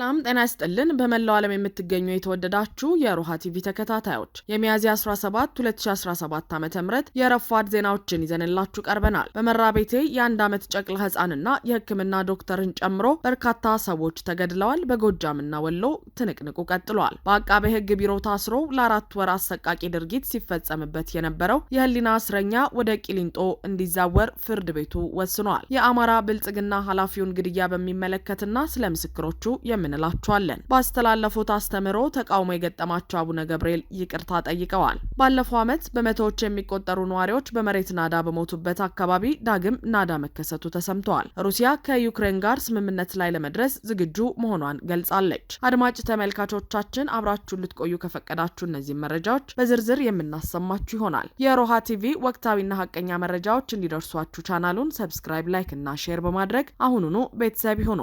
ሰላም ጤና ይስጥልን። በመላው ዓለም የምትገኙ የተወደዳችሁ የሮሃ ቲቪ ተከታታዮች የሚያዝያ 17 2017 ዓ ም የረፋድ ዜናዎችን ይዘንላችሁ ቀርበናል። በመራ ቤቴ የአንድ ዓመት ጨቅላ ህፃንና የህክምና ዶክተርን ጨምሮ በርካታ ሰዎች ተገድለዋል። በጎጃምና ወሎ ትንቅንቁ ቀጥሏል። በአቃቤ ህግ ቢሮ ታስሮ ለአራት ወር አሰቃቂ ድርጊት ሲፈጸምበት የነበረው የህሊና እስረኛ ወደ ቂሊንጦ እንዲዛወር ፍርድ ቤቱ ወስኗል። የአማራ ብልጽግና ኃላፊውን ግድያ በሚመለከትና ስለ ምስክሮቹ የምን እንላችኋለን። ባስተላለፉት አስተምሮ ተቃውሞ የገጠማቸው አቡነ ገብርኤል ይቅርታ ጠይቀዋል። ባለፈው ዓመት በመቶዎች የሚቆጠሩ ነዋሪዎች በመሬት ናዳ በሞቱበት አካባቢ ዳግም ናዳ መከሰቱ ተሰምተዋል። ሩሲያ ከዩክሬን ጋር ስምምነት ላይ ለመድረስ ዝግጁ መሆኗን ገልጻለች። አድማጭ ተመልካቾቻችን አብራችሁን ልትቆዩ ከፈቀዳችሁ እነዚህ መረጃዎች በዝርዝር የምናሰማችሁ ይሆናል። የሮሃ ቲቪ ወቅታዊና ሀቀኛ መረጃዎች እንዲደርሷችሁ ቻናሉን ሰብስክራይብ፣ ላይክ እና ሼር በማድረግ አሁኑኑ ቤተሰብ ይሁኑ።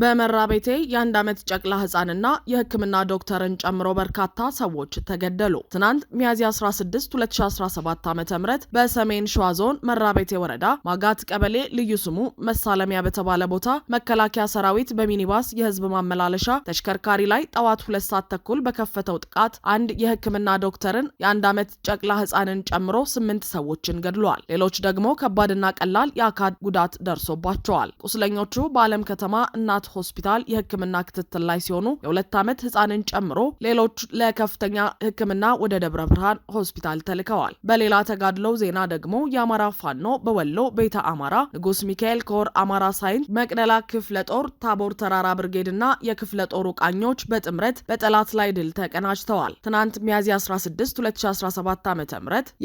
በመራ ቤቴ የአንድ ዓመት ጨቅላ ህፃንና የህክምና ዶክተርን ጨምሮ በርካታ ሰዎች ተገደሉ። ትናንት ሚያዝያ 16 2017 ዓ ም በሰሜን ሸዋ ዞን መራ ቤቴ ወረዳ ማጋት ቀበሌ ልዩ ስሙ መሳለሚያ በተባለ ቦታ መከላከያ ሰራዊት በሚኒባስ የህዝብ ማመላለሻ ተሽከርካሪ ላይ ጠዋት ሁለት ሰዓት ተኩል በከፈተው ጥቃት አንድ የህክምና ዶክተርን የአንድ ዓመት ጨቅላ ህፃንን ጨምሮ ስምንት ሰዎችን ገድሏል። ሌሎች ደግሞ ከባድና ቀላል የአካል ጉዳት ደርሶባቸዋል። ቁስለኞቹ በአለም ከተማ እናት ህጻናት ሆስፒታል የህክምና ክትትል ላይ ሲሆኑ የሁለት ዓመት ህጻንን ጨምሮ ሌሎች ለከፍተኛ ህክምና ወደ ደብረ ብርሃን ሆስፒታል ተልከዋል። በሌላ ተጋድለው ዜና ደግሞ የአማራ ፋኖ በወሎ ቤተ አማራ ንጉስ ሚካኤል ኮር አማራ ሳይንት መቅደላ ክፍለ ጦር ታቦር ተራራ ብርጌድ እና የክፍለ ጦሩ ቃኞች በጥምረት በጠላት ላይ ድል ተቀናጅተዋል። ትናንት ሚያዝያ 16 2017 ዓ ም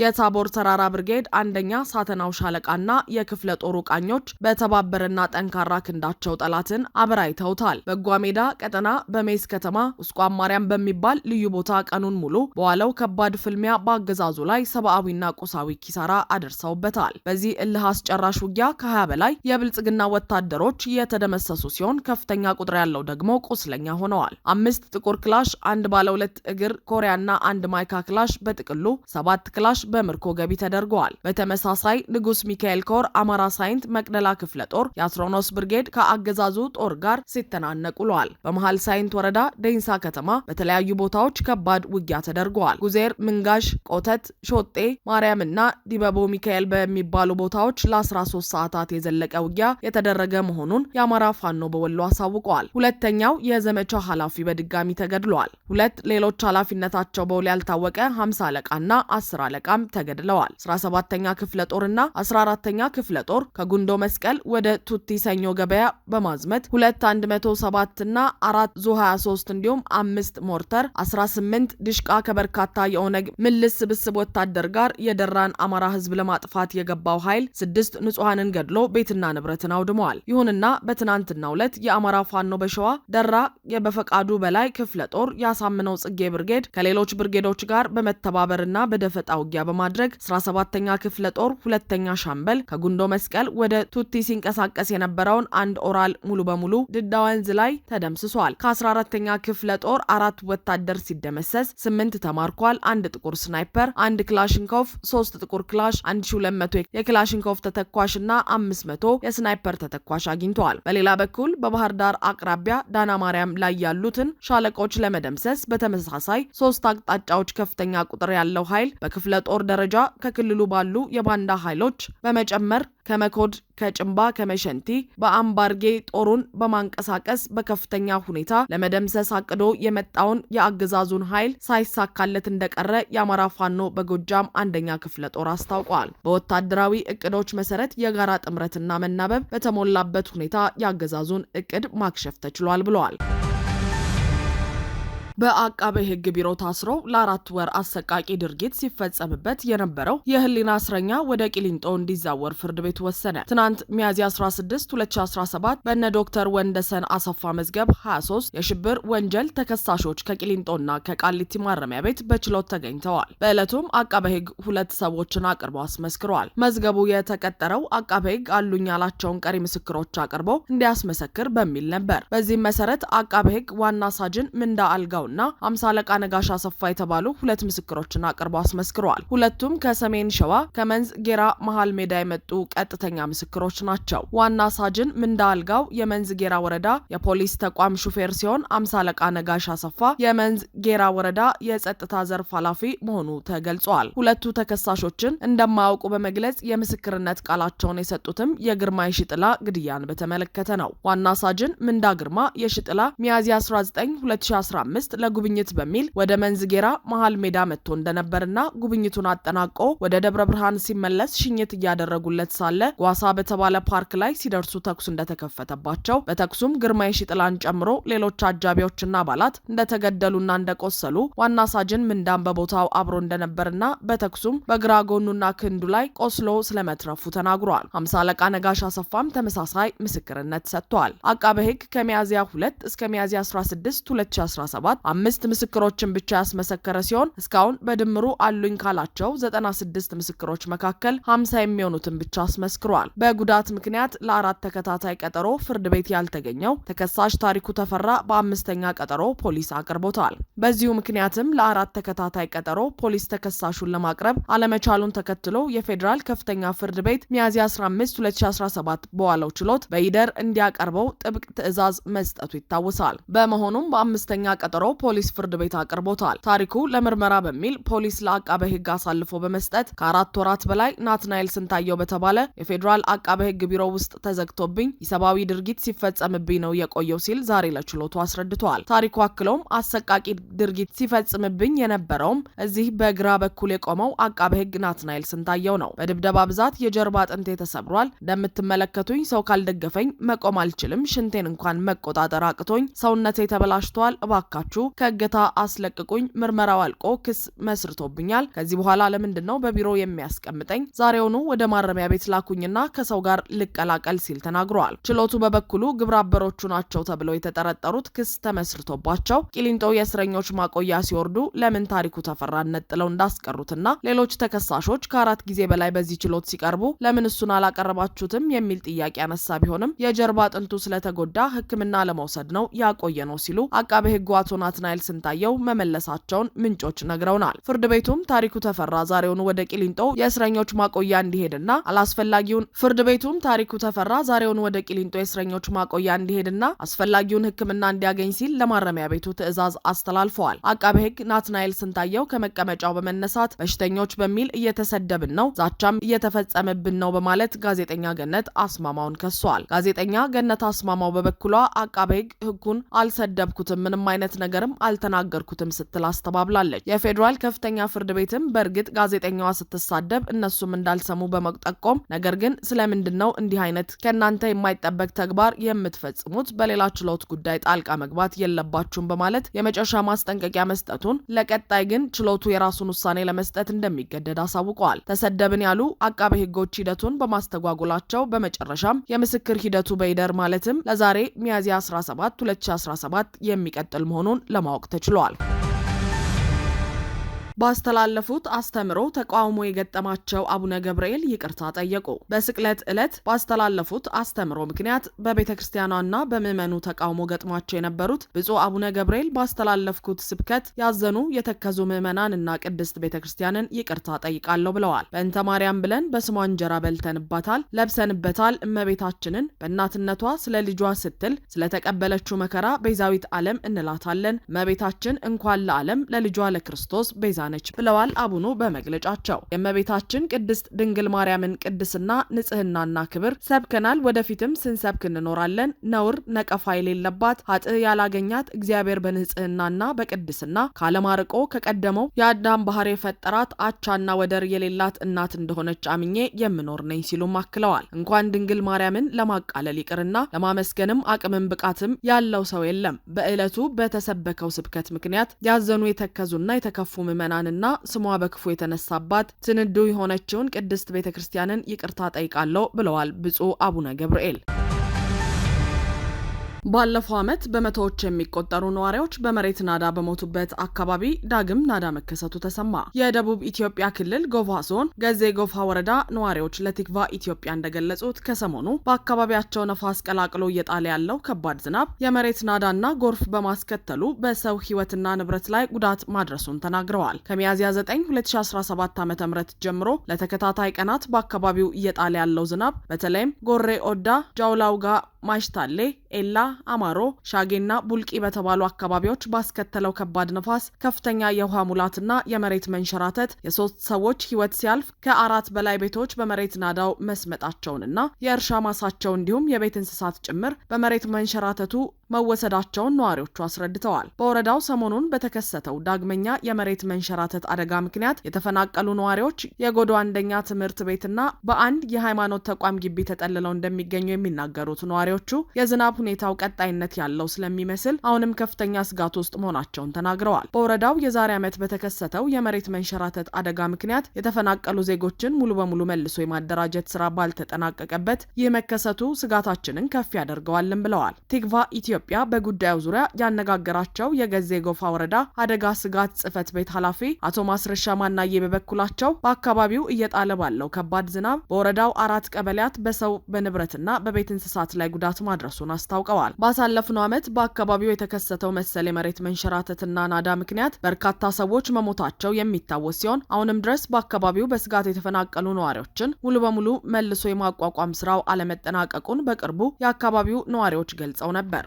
የታቦር ተራራ ብርጌድ አንደኛ ሳተናው ሻለቃና የክፍለ ጦሩ ቃኞች በተባበረና ጠንካራ ክንዳቸው ጠላትን አበ አበራይተውታል። በጓ ሜዳ ቀጠና በሜስ ከተማ ቁስቋም ማርያም በሚባል ልዩ ቦታ ቀኑን ሙሉ በዋለው ከባድ ፍልሚያ በአገዛዙ ላይ ሰብአዊና ቁሳዊ ኪሳራ አደርሰውበታል። በዚህ እልህ አስጨራሽ ውጊያ ከ20 በላይ የብልጽግና ወታደሮች የተደመሰሱ ሲሆን ከፍተኛ ቁጥር ያለው ደግሞ ቁስለኛ ሆነዋል። አምስት ጥቁር ክላሽ፣ አንድ ባለ ሁለት እግር ኮሪያና አንድ ማይካ ክላሽ በጥቅሉ ሰባት ክላሽ በምርኮ ገቢ ተደርገዋል። በተመሳሳይ ንጉስ ሚካኤል ኮር አማራ ሳይንት መቅደላ ክፍለ ጦር የአስሮኖስ ብርጌድ ከአገዛዙ ጦር ጋር ሲተናነቅ ውሏል። በመሀል ሳይንት ወረዳ ደይንሳ ከተማ በተለያዩ ቦታዎች ከባድ ውጊያ ተደርገዋል። ጉዜር፣ ምንጋሽ፣ ቆተት፣ ሾጤ ማርያምና ዲበቦ ሚካኤል በሚባሉ ቦታዎች ለ13 ሰዓታት የዘለቀ ውጊያ የተደረገ መሆኑን የአማራ ፋኖ በወሎ አሳውቀዋል። ሁለተኛው የዘመቻው ኃላፊ በድጋሚ ተገድለዋል። ሁለት ሌሎች ኃላፊነታቸው በውል ያልታወቀ 50 አለቃና 10 አለቃም ተገድለዋል። 17ኛ ክፍለ ጦርና 14ኛ ክፍለ ጦር ከጉንዶ መስቀል ወደ ቱቲ ሰኞ ገበያ በማዝመት ሁለት 107 እና አራት ዙ 23 እንዲሁም አምስት ሞርተር 18 ድሽቃ ከበርካታ የኦነግ ምልስ ስብስብ ወታደር ጋር የደራን አማራ ህዝብ ለማጥፋት የገባው ኃይል ስድስት ንጹሐንን ገድሎ ቤትና ንብረትን አውድመዋል። ይሁንና በትናንትናው ዕለት የአማራ ፋኖ በሸዋ ደራ የበፈቃዱ በላይ ክፍለ ጦር ያሳምነው ጽጌ ብርጌድ ከሌሎች ብርጌዶች ጋር በመተባበርና በደፈጣ ውጊያ በማድረግ 17ኛ ክፍለ ጦር ሁለተኛ ሻምበል ከጉንዶ መስቀል ወደ ቱቲ ሲንቀሳቀስ የነበረውን አንድ ኦራል ሙሉ በሙሉ ድዳ ወንዝ ላይ ተደምስሷል። ከ14ተኛ ክፍለ ጦር አራት ወታደር ሲደመሰስ ስምንት ተማርኳል። አንድ ጥቁር ስናይፐር፣ አንድ ክላሽንኮፍ፣ ሶስት ጥቁር ክላሽ፣ 1200 የክላሽንኮፍ ተተኳሽ እና 500 የስናይፐር ተተኳሽ አግኝተዋል። በሌላ በኩል በባህር ዳር አቅራቢያ ዳና ማርያም ላይ ያሉትን ሻለቆች ለመደምሰስ በተመሳሳይ ሶስት አቅጣጫዎች ከፍተኛ ቁጥር ያለው ኃይል በክፍለ ጦር ደረጃ ከክልሉ ባሉ የባንዳ ኃይሎች በመጨመር ከመኮድ፣ ከጭንባ፣ ከመሸንቲ በአምባርጌ ጦሩን በማንቀሳቀስ በከፍተኛ ሁኔታ ለመደምሰስ አቅዶ የመጣውን የአገዛዙን ኃይል ሳይሳካለት እንደቀረ የአማራ ፋኖ በጎጃም አንደኛ ክፍለ ጦር አስታውቋል። በወታደራዊ እቅዶች መሰረት የጋራ ጥምረትና መናበብ በተሞላበት ሁኔታ የአገዛዙን እቅድ ማክሸፍ ተችሏል ብለዋል። በአቃቤ ሕግ ቢሮ ታስሮ ለአራት ወር አሰቃቂ ድርጊት ሲፈጸምበት የነበረው የህሊና እስረኛ ወደ ቂሊንጦ እንዲዛወር ፍርድ ቤት ወሰነ። ትናንት ሚያዝያ 16 2017 በነ ዶክተር ወንደሰን አሰፋ መዝገብ 23 የሽብር ወንጀል ተከሳሾች ከቂሊንጦና ከቃሊቲ ማረሚያ ቤት በችሎት ተገኝተዋል። በዕለቱም አቃቤ ሕግ ሁለት ሰዎችን አቅርቦ አስመስክረዋል። መዝገቡ የተቀጠረው አቃቤ ሕግ አሉኝ ያላቸውን ቀሪ ምስክሮች አቅርቦ እንዲያስመሰክር በሚል ነበር። በዚህም መሰረት አቃቤ ሕግ ዋና ሳጅን ምንዳ አልጋው እና አምሳ አለቃ ነጋሽ አሰፋ የተባሉ ሁለት ምስክሮችን አቅርቦ አስመስክረዋል። ሁለቱም ከሰሜን ሸዋ ከመንዝ ጌራ መሀል ሜዳ የመጡ ቀጥተኛ ምስክሮች ናቸው። ዋና ሳጅን ምንዳ አልጋው የመንዝ ጌራ ወረዳ የፖሊስ ተቋም ሹፌር ሲሆን አምሳ አለቃ ነጋሽ አሰፋ የመንዝ ጌራ ወረዳ የጸጥታ ዘርፍ ኃላፊ መሆኑ ተገልጿል። ሁለቱ ተከሳሾችን እንደማያውቁ በመግለጽ የምስክርነት ቃላቸውን የሰጡትም የግርማ የሽጥላ ግድያን በተመለከተ ነው። ዋና ሳጅን ምንዳ ግርማ የሽጥላ ሚያዝያ 19 2015 መንግስት ለጉብኝት በሚል ወደ መንዝጌራ መሀል ሜዳ መጥቶ እንደነበርና ጉብኝቱን አጠናቆ ወደ ደብረ ብርሃን ሲመለስ ሽኝት እያደረጉለት ሳለ ጓሳ በተባለ ፓርክ ላይ ሲደርሱ ተኩስ እንደተከፈተባቸው በተኩሱም ግርማ የሺጥላን ጨምሮ ሌሎች አጃቢዎችና አባላት እንደተገደሉና እንደቆሰሉ ዋና ሳጅን ምንዳን በቦታው አብሮ እንደነበርና በተኩሱም በግራ ጎኑና ክንዱ ላይ ቆስሎ ስለመትረፉ ተናግሯል። አምሳ አለቃ ነጋሽ አሰፋም ተመሳሳይ ምስክርነት ሰጥቷል። አቃበ ሕግ ከሚያዝያ 2 እስከ ሚያዝያ 16 2017 አምስት ምስክሮችን ብቻ ያስመሰከረ ሲሆን እስካሁን በድምሩ አሉኝ ካላቸው 96 ምስክሮች መካከል 50 የሚሆኑትን ብቻ አስመስክሯል። በጉዳት ምክንያት ለአራት ተከታታይ ቀጠሮ ፍርድ ቤት ያልተገኘው ተከሳሽ ታሪኩ ተፈራ በአምስተኛ ቀጠሮ ፖሊስ አቅርቦታል። በዚሁ ምክንያትም ለአራት ተከታታይ ቀጠሮ ፖሊስ ተከሳሹን ለማቅረብ አለመቻሉን ተከትሎ የፌዴራል ከፍተኛ ፍርድ ቤት ሚያዝያ 15 2017 በዋለው ችሎት በይደር እንዲያቀርበው ጥብቅ ትዕዛዝ መስጠቱ ይታወሳል። በመሆኑም በአምስተኛ ቀጠሮ እንዲመራው ፖሊስ ፍርድ ቤት አቅርቦታል። ታሪኩ ለምርመራ በሚል ፖሊስ ለአቃበ ሕግ አሳልፎ በመስጠት ከአራት ወራት በላይ ናትናኤል ስንታየው በተባለ የፌዴራል አቃበ ሕግ ቢሮ ውስጥ ተዘግቶብኝ የሰብአዊ ድርጊት ሲፈጸምብኝ ነው የቆየው ሲል ዛሬ ለችሎቱ አስረድተዋል። ታሪኩ አክለውም አሰቃቂ ድርጊት ሲፈጽምብኝ የነበረውም እዚህ በግራ በኩል የቆመው አቃበ ሕግ ናትናኤል ስንታየው ነው። በድብደባ ብዛት የጀርባ አጥንቴ ተሰብሯል። እንደምትመለከቱኝ ሰው ካልደገፈኝ መቆም አልችልም። ሽንቴን እንኳን መቆጣጠር አቅቶኝ ሰውነቴ ተበላሽቷል። እባካችሁ ከእገታ አስለቅቁኝ። ምርመራው አልቆ ክስ መስርቶብኛል። ከዚህ በኋላ ለምንድን ነው በቢሮ የሚያስቀምጠኝ? ዛሬውኑ ወደ ማረሚያ ቤት ላኩኝና ከሰው ጋር ልቀላቀል ሲል ተናግረዋል። ችሎቱ በበኩሉ ግብረ አበሮቹ ናቸው ተብለው የተጠረጠሩት ክስ ተመስርቶባቸው ቂሊንጦ የእስረኞች ማቆያ ሲወርዱ ለምን ታሪኩ ተፈራን ነጥለው እንዳስቀሩትና ሌሎች ተከሳሾች ከአራት ጊዜ በላይ በዚህ ችሎት ሲቀርቡ ለምን እሱን አላቀረባችሁትም የሚል ጥያቄ አነሳ ቢሆንም የጀርባ አጥንቱ ስለተጎዳ ሕክምና ለመውሰድ ነው ያቆየ ነው ሲሉ አቃቤ ሕግ አቶ ናትናኤል ስንታየው መመለሳቸውን ምንጮች ነግረውናል። ፍርድ ቤቱም ታሪኩ ተፈራ ዛሬውን ወደ ቂሊንጦ የእስረኞች ማቆያ እንዲሄድና አላስፈላጊውን ፍርድ ቤቱም ታሪኩ ተፈራ ዛሬውን ወደ ቂሊንጦ የእስረኞች ማቆያ እንዲሄድና አስፈላጊውን ሕክምና እንዲያገኝ ሲል ለማረሚያ ቤቱ ትዕዛዝ አስተላልፈዋል። አቃቤ ሕግ ናትናኤል ስንታየው ከመቀመጫው በመነሳት በሽተኞች በሚል እየተሰደብን ነው፣ ዛቻም እየተፈጸመብን ነው በማለት ጋዜጠኛ ገነት አስማማውን ከሷል። ጋዜጠኛ ገነት አስማማው በበኩሏ አቃቤ ሕግ ሕጉን አልሰደብኩትም፣ ምንም አይነት ነገር ነገርም አልተናገርኩትም ስትል አስተባብላለች። የፌዴራል ከፍተኛ ፍርድ ቤትም በእርግጥ ጋዜጠኛዋ ስትሳደብ እነሱም እንዳልሰሙ በመጠቆም ነገር ግን ስለምንድን ነው እንዲህ አይነት ከእናንተ የማይጠበቅ ተግባር የምትፈጽሙት? በሌላ ችሎት ጉዳይ ጣልቃ መግባት የለባችሁም በማለት የመጨረሻ ማስጠንቀቂያ መስጠቱን፣ ለቀጣይ ግን ችሎቱ የራሱን ውሳኔ ለመስጠት እንደሚገደድ አሳውቀዋል። ተሰደብን ያሉ አቃቤ ህጎች ሂደቱን በማስተጓጎላቸው በመጨረሻም የምስክር ሂደቱ በይደር ማለትም ለዛሬ ሚያዝያ 17 2017 የሚቀጥል መሆኑን ለማወቅ ተችሏል። ባስተላለፉት አስተምሮ ተቃውሞ የገጠማቸው አቡነ ገብርኤል ይቅርታ ጠየቁ። በስቅለት ዕለት ባስተላለፉት አስተምሮ ምክንያት በቤተ ክርስቲያኗና በምዕመኑ ተቃውሞ ገጥሟቸው የነበሩት ብፁዕ አቡነ ገብርኤል ባስተላለፍኩት ስብከት ያዘኑ የተከዙ ምዕመናን እና ቅድስት ቤተ ክርስቲያንን ይቅርታ ጠይቃለሁ ብለዋል። በእንተ ማርያም ብለን በስሟ እንጀራ በልተንባታል፣ ለብሰንበታል። እመቤታችንን በእናትነቷ ስለ ልጇ ስትል ስለተቀበለችው መከራ ቤዛዊት ዓለም እንላታለን። እመቤታችን እንኳን ለዓለም ለልጇ ለክርስቶስ ቤዛ ነች ብለዋል አቡኑ በመግለጫቸው። የእመቤታችን ቅድስት ድንግል ማርያምን ቅድስና ንጽህናና ክብር ሰብከናል፣ ወደፊትም ስንሰብክ እንኖራለን። ነውር ነቀፋ የሌለባት ሀጥእ ያላገኛት እግዚአብሔር በንጽህናና በቅድስና ካለማርቆ ከቀደመው የአዳም ባህር የፈጠራት አቻና ወደር የሌላት እናት እንደሆነች አምኜ የምኖር ነኝ ሲሉም አክለዋል። እንኳን ድንግል ማርያምን ለማቃለል ይቅርና ለማመስገንም አቅምን ብቃትም ያለው ሰው የለም። በዕለቱ በተሰበከው ስብከት ምክንያት ያዘኑ የተከዙና የተከፉ ምዕመናን ክርስቲያንና ስሟ በክፉ የተነሳባት ስንዱ የሆነችውን ቅድስት ቤተ ክርስቲያንን ይቅርታ ጠይቃለሁ ብለዋል ብፁዕ አቡነ ገብርኤል። ባለፈው ዓመት በመቶዎች የሚቆጠሩ ነዋሪዎች በመሬት ናዳ በሞቱበት አካባቢ ዳግም ናዳ መከሰቱ ተሰማ። የደቡብ ኢትዮጵያ ክልል ጎፋ ዞን ገዜ ጎፋ ወረዳ ነዋሪዎች ለቲክቫ ኢትዮጵያ እንደገለጹት ከሰሞኑ በአካባቢያቸው ነፋስ ቀላቅሎ እየጣለ ያለው ከባድ ዝናብ የመሬት ናዳና ጎርፍ በማስከተሉ በሰው ሕይወትና ንብረት ላይ ጉዳት ማድረሱን ተናግረዋል። ከሚያዝያ 9 2017 ዓ ም ጀምሮ ለተከታታይ ቀናት በአካባቢው እየጣለ ያለው ዝናብ በተለይም ጎሬ ኦዳ፣ ጃውላውጋ፣ ማሽታሌ፣ ኤላ አማሮ፣ ሻጌና ቡልቂ በተባሉ አካባቢዎች ባስከተለው ከባድ ነፋስ ከፍተኛ የውሃ ሙላትና የመሬት መንሸራተት የሶስት ሰዎች ህይወት ሲያልፍ ከአራት በላይ ቤቶች በመሬት ናዳው መስመጣቸውንና የእርሻ ማሳቸው እንዲሁም የቤት እንስሳት ጭምር በመሬት መንሸራተቱ መወሰዳቸውን ነዋሪዎቹ አስረድተዋል። በወረዳው ሰሞኑን በተከሰተው ዳግመኛ የመሬት መንሸራተት አደጋ ምክንያት የተፈናቀሉ ነዋሪዎች የጎዶ አንደኛ ትምህርት ቤትና በአንድ የሃይማኖት ተቋም ግቢ ተጠልለው እንደሚገኙ የሚናገሩት ነዋሪዎቹ የዝናብ ሁኔታው ቀጣይነት ያለው ስለሚመስል አሁንም ከፍተኛ ስጋት ውስጥ መሆናቸውን ተናግረዋል። በወረዳው የዛሬ ዓመት በተከሰተው የመሬት መንሸራተት አደጋ ምክንያት የተፈናቀሉ ዜጎችን ሙሉ በሙሉ መልሶ የማደራጀት ስራ ባልተጠናቀቀበት ይህ መከሰቱ ስጋታችንን ከፍ ያደርገዋልን ብለዋል። ቲግቫ ኢትዮ ኢትዮጵያ በጉዳዩ ዙሪያ ያነጋገራቸው የገዜ ጎፋ ወረዳ አደጋ ስጋት ጽህፈት ቤት ኃላፊ አቶ ማስረሻ ማናዬ በበኩላቸው በአካባቢው እየጣለ ባለው ከባድ ዝናብ በወረዳው አራት ቀበሌያት በሰው በንብረትና በቤት እንስሳት ላይ ጉዳት ማድረሱን አስታውቀዋል። ባሳለፍነው ዓመት በአካባቢው የተከሰተው መሰል የመሬት መንሸራተትና ናዳ ምክንያት በርካታ ሰዎች መሞታቸው የሚታወስ ሲሆን አሁንም ድረስ በአካባቢው በስጋት የተፈናቀሉ ነዋሪዎችን ሙሉ በሙሉ መልሶ የማቋቋም ስራው አለመጠናቀቁን በቅርቡ የአካባቢው ነዋሪዎች ገልጸው ነበር።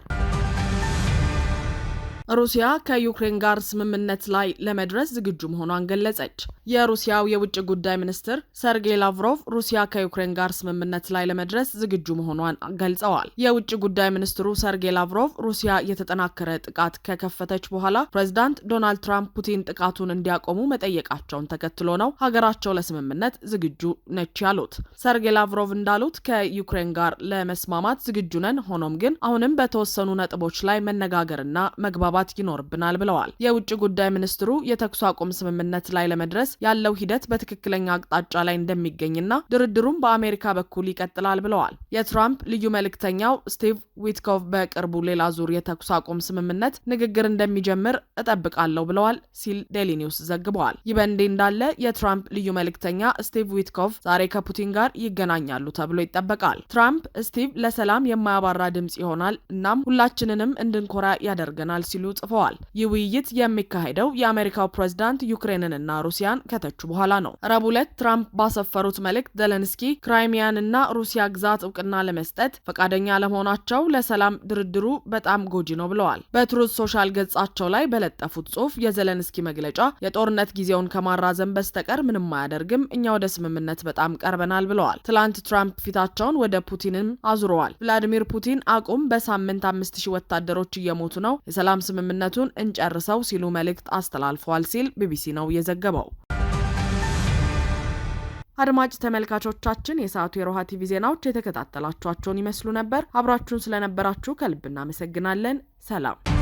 ሩሲያ ከዩክሬን ጋር ስምምነት ላይ ለመድረስ ዝግጁ መሆኗን ገለጸች። የሩሲያው የውጭ ጉዳይ ሚኒስትር ሰርጌይ ላቭሮቭ ሩሲያ ከዩክሬን ጋር ስምምነት ላይ ለመድረስ ዝግጁ መሆኗን ገልጸዋል። የውጭ ጉዳይ ሚኒስትሩ ሰርጌይ ላቭሮቭ ሩሲያ የተጠናከረ ጥቃት ከከፈተች በኋላ ፕሬዚዳንት ዶናልድ ትራምፕ ፑቲን ጥቃቱን እንዲያቆሙ መጠየቃቸውን ተከትሎ ነው ሀገራቸው ለስምምነት ዝግጁ ነች ያሉት። ሰርጌይ ላቭሮቭ እንዳሉት ከዩክሬን ጋር ለመስማማት ዝግጁ ነን፣ ሆኖም ግን አሁንም በተወሰኑ ነጥቦች ላይ መነጋገርና መግባባት መግባባት ይኖርብናል ብለዋል። የውጭ ጉዳይ ሚኒስትሩ የተኩስ አቁም ስምምነት ላይ ለመድረስ ያለው ሂደት በትክክለኛ አቅጣጫ ላይ እንደሚገኝና ድርድሩም በአሜሪካ በኩል ይቀጥላል ብለዋል። የትራምፕ ልዩ መልእክተኛው ስቲቭ ዊትኮቭ በቅርቡ ሌላ ዙር የተኩስ አቁም ስምምነት ንግግር እንደሚጀምር እጠብቃለሁ ብለዋል ሲል ዴሊ ኒውስ ዘግበዋል። ይህ በእንዲህ እንዳለ የትራምፕ ልዩ መልእክተኛ ስቲቭ ዊትኮቭ ዛሬ ከፑቲን ጋር ይገናኛሉ ተብሎ ይጠበቃል። ትራምፕ ስቲቭ ለሰላም የማያባራ ድምጽ ይሆናል እናም ሁላችንንም እንድንኮራ ያደርገናል ሲሉ ሲሉ ጽፈዋል። ይህ ውይይት የሚካሄደው የአሜሪካው ፕሬዚዳንት ዩክሬንንና ሩሲያን ከተቹ በኋላ ነው። ረቡዕ ዕለት ትራምፕ ባሰፈሩት መልእክት ዘለንስኪ ክራይሚያንና ሩሲያ ግዛት እውቅና ለመስጠት ፈቃደኛ ለመሆናቸው ለሰላም ድርድሩ በጣም ጎጂ ነው ብለዋል። በትሩዝ ሶሻል ገጻቸው ላይ በለጠፉት ጽሁፍ የዘለንስኪ መግለጫ የጦርነት ጊዜውን ከማራዘን በስተቀር ምንም አያደርግም፣ እኛ ወደ ስምምነት በጣም ቀርበናል ብለዋል። ትላንት ትራምፕ ፊታቸውን ወደ ፑቲንም አዙረዋል። ቭላዲሚር ፑቲን አቁም፣ በሳምንት አምስት ሺህ ወታደሮች እየሞቱ ነው፣ የሰላም ስምምነቱን እንጨርሰው ሲሉ መልእክት አስተላልፈዋል ሲል ቢቢሲ ነው የዘገበው። አድማጭ ተመልካቾቻችን የሰዓቱ የሮሃ ቲቪ ዜናዎች የተከታተላችኋቸውን ይመስሉ ነበር። አብራችሁን ስለነበራችሁ ከልብ እናመሰግናለን። ሰላም